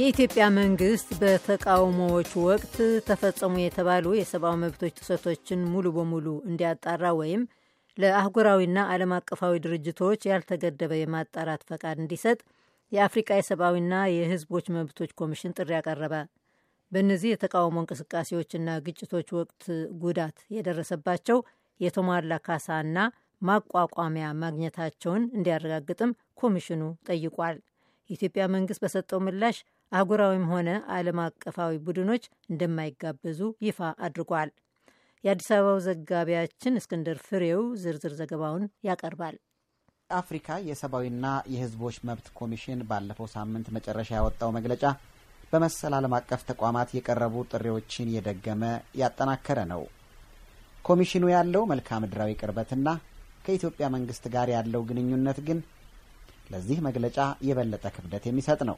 የኢትዮጵያ መንግስት በተቃውሞዎች ወቅት ተፈጸሙ የተባሉ የሰብአዊ መብቶች ጥሰቶችን ሙሉ በሙሉ እንዲያጣራ ወይም ለአህጉራዊና ዓለም አቀፋዊ ድርጅቶች ያልተገደበ የማጣራት ፈቃድ እንዲሰጥ የአፍሪቃ የሰብአዊና የህዝቦች መብቶች ኮሚሽን ጥሪ አቀረበ። በእነዚህ የተቃውሞ እንቅስቃሴዎችና ግጭቶች ወቅት ጉዳት የደረሰባቸው የተሟላ ካሳና ማቋቋሚያ ማግኘታቸውን እንዲያረጋግጥም ኮሚሽኑ ጠይቋል። የኢትዮጵያ መንግስት በሰጠው ምላሽ አህጉራዊም ሆነ ዓለም አቀፋዊ ቡድኖች እንደማይጋበዙ ይፋ አድርጓል። የአዲስ አበባው ዘጋቢያችን እስክንድር ፍሬው ዝርዝር ዘገባውን ያቀርባል። አፍሪካ የሰብአዊና የህዝቦች መብት ኮሚሽን ባለፈው ሳምንት መጨረሻ ያወጣው መግለጫ በመሰል ዓለም አቀፍ ተቋማት የቀረቡ ጥሪዎችን የደገመ ያጠናከረ ነው። ኮሚሽኑ ያለው መልክዓ ምድራዊ ቅርበትና ከኢትዮጵያ መንግስት ጋር ያለው ግንኙነት ግን ለዚህ መግለጫ የበለጠ ክብደት የሚሰጥ ነው።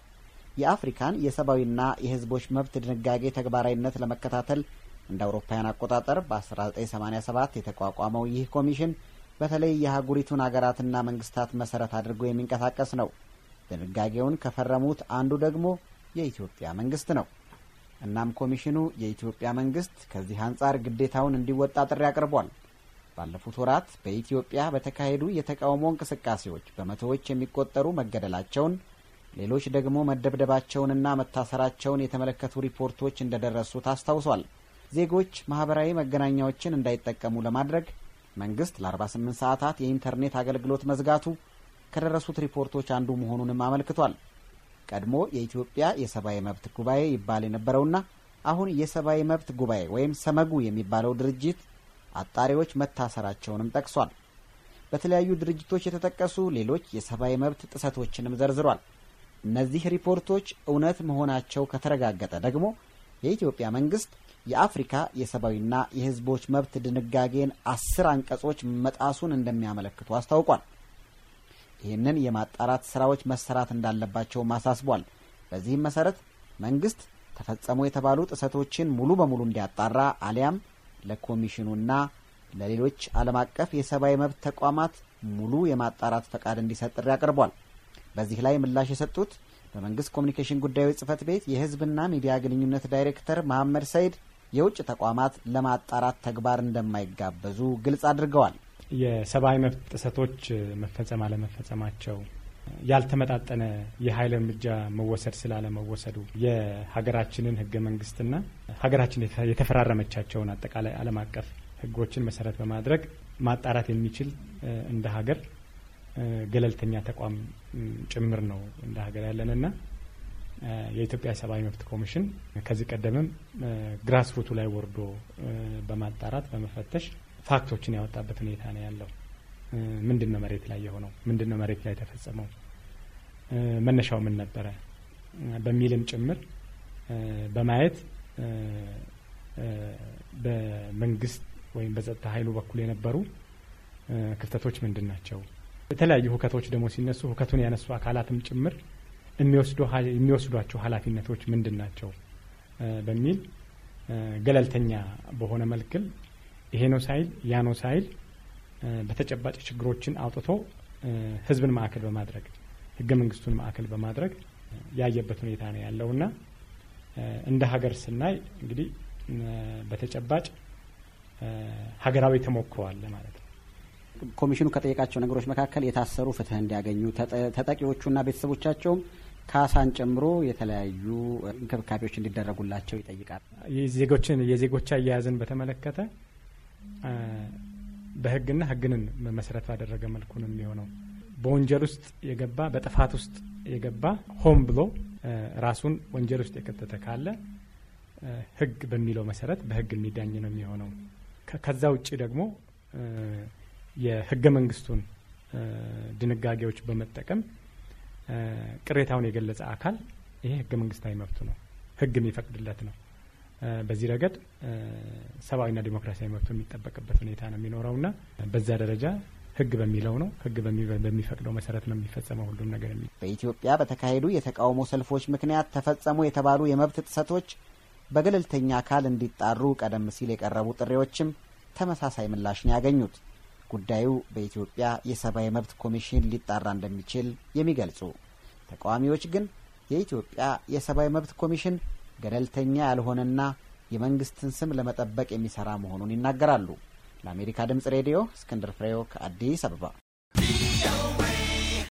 የአፍሪካን የሰብአዊና የህዝቦች መብት ድንጋጌ ተግባራዊነት ለመከታተል እንደ አውሮፓውያን አቆጣጠር በ1987 የተቋቋመው ይህ ኮሚሽን በተለይ የአህጉሪቱን አገራትና መንግስታት መሰረት አድርጎ የሚንቀሳቀስ ነው። ድንጋጌውን ከፈረሙት አንዱ ደግሞ የኢትዮጵያ መንግስት ነው። እናም ኮሚሽኑ የኢትዮጵያ መንግስት ከዚህ አንጻር ግዴታውን እንዲወጣ ጥሪ አቅርቧል። ባለፉት ወራት በኢትዮጵያ በተካሄዱ የተቃውሞ እንቅስቃሴዎች በመቶዎች የሚቆጠሩ መገደላቸውን ሌሎች ደግሞ መደብደባቸውንና መታሰራቸውን የተመለከቱ ሪፖርቶች እንደደረሱት አስታውሷል። ዜጎች ማህበራዊ መገናኛዎችን እንዳይጠቀሙ ለማድረግ መንግስት ለ48 ሰዓታት የኢንተርኔት አገልግሎት መዝጋቱ ከደረሱት ሪፖርቶች አንዱ መሆኑንም አመልክቷል። ቀድሞ የኢትዮጵያ የሰብአዊ መብት ጉባኤ ይባል የነበረውና አሁን የሰብአዊ መብት ጉባኤ ወይም ሰመጉ የሚባለው ድርጅት አጣሪዎች መታሰራቸውንም ጠቅሷል። በተለያዩ ድርጅቶች የተጠቀሱ ሌሎች የሰብአዊ መብት ጥሰቶችንም ዘርዝሯል። እነዚህ ሪፖርቶች እውነት መሆናቸው ከተረጋገጠ ደግሞ የኢትዮጵያ መንግስት የአፍሪካ የሰብአዊና የሕዝቦች መብት ድንጋጌን አስር አንቀጾች መጣሱን እንደሚያመለክቱ አስታውቋል። ይህንን የማጣራት ስራዎች መሰራት እንዳለባቸውም አሳስቧል። በዚህም መሰረት መንግስት ተፈጸሙ የተባሉ ጥሰቶችን ሙሉ በሙሉ እንዲያጣራ አሊያም ለኮሚሽኑና ለሌሎች ዓለም አቀፍ የሰብአዊ መብት ተቋማት ሙሉ የማጣራት ፈቃድ እንዲሰጥ ጥሪ አቅርቧል። በዚህ ላይ ምላሽ የሰጡት በመንግስት ኮሚኒኬሽን ጉዳዮች ጽህፈት ቤት የህዝብና ሚዲያ ግንኙነት ዳይሬክተር መሐመድ ሰይድ የውጭ ተቋማት ለማጣራት ተግባር እንደማይጋበዙ ግልጽ አድርገዋል። የሰብአዊ መብት ጥሰቶች መፈጸም አለመፈጸማቸው ያልተመጣጠነ የኃይል እርምጃ መወሰድ ስላለመወሰዱ የሀገራችንን ህገ መንግስትና ሀገራችን የተፈራረመቻቸውን አጠቃላይ ዓለም አቀፍ ህጎችን መሰረት በማድረግ ማጣራት የሚችል እንደ ሀገር ገለልተኛ ተቋም ጭምር ነው እንደ ሀገር ያለንና የኢትዮጵያ ሰብአዊ መብት ኮሚሽን ከዚህ ቀደምም ግራስሩቱ ላይ ወርዶ በማጣራት በመፈተሽ ፋክቶችን ያወጣበት ሁኔታ ነው ያለው። ምንድን ነው መሬት ላይ የሆነው? ምንድን ነው መሬት ላይ የተፈጸመው? መነሻው ምን ነበረ? በሚልም ጭምር በማየት በመንግስት ወይም በጸጥታ ኃይሉ በኩል የነበሩ ክፍተቶች ምንድን ናቸው? የተለያዩ ሁከቶች ደግሞ ሲነሱ ሁከቱን ያነሱ አካላትም ጭምር የሚወስዷቸው ኃላፊነቶች ምንድን ናቸው በሚል ገለልተኛ በሆነ መልክል ይሄ ነው ሳይል ያ ነው ሳይል በተጨባጭ ችግሮችን አውጥቶ ህዝብን ማዕከል በማድረግ ህገ መንግስቱን ማዕከል በማድረግ ያየበት ሁኔታ ነው ያለውና እንደ ሀገር ስናይ እንግዲህ በተጨባጭ ሀገራዊ ተሞክሮ አለ ማለት ነው። ኮሚሽኑ ከጠየቃቸው ነገሮች መካከል የታሰሩ ፍትህ እንዲያገኙ ተጠቂዎቹና ቤተሰቦቻቸውም ካሳን ጨምሮ የተለያዩ እንክብካቤዎች እንዲደረጉላቸው ይጠይቃል። ዜጎችን የዜጎች አያያዝን በተመለከተ በህግና ህግንን መሰረት ባደረገ መልኩ ነው የሚሆነው። በወንጀል ውስጥ የገባ በጥፋት ውስጥ የገባ ሆን ብሎ ራሱን ወንጀል ውስጥ የከተተ ካለ ህግ በሚለው መሰረት በህግ የሚዳኝ ነው የሚሆነው። ከዛ ውጭ ደግሞ የህገ መንግስቱን ድንጋጌዎች በመጠቀም ቅሬታውን የገለጸ አካል ይሄ ህገ መንግስታዊ መብቱ ነው፣ ህግ የሚፈቅድለት ነው። በዚህ ረገድ ሰብአዊና ዲሞክራሲያዊ መብቱ የሚጠበቅበት ሁኔታ ነው ና በዛ ደረጃ ህግ በሚለው ነው ህግ በሚፈቅደው መሰረት ነው የሚፈጸመው ሁሉም ነገር የሚ በኢትዮጵያ በተካሄዱ የተቃውሞ ሰልፎች ምክንያት ተፈጸሙ የተባሉ የመብት ጥሰቶች በገለልተኛ አካል እንዲጣሩ ቀደም ሲል የቀረቡ ጥሪዎችም ተመሳሳይ ምላሽ ነው ያገኙት። ጉዳዩ በኢትዮጵያ የሰብአዊ መብት ኮሚሽን ሊጣራ እንደሚችል የሚገልጹ ተቃዋሚዎች ግን የኢትዮጵያ የሰብአዊ መብት ኮሚሽን ገለልተኛ ያልሆነና የመንግስትን ስም ለመጠበቅ የሚሰራ መሆኑን ይናገራሉ። ለአሜሪካ ድምጽ ሬዲዮ እስክንድር ፍሬው ከአዲስ አበባ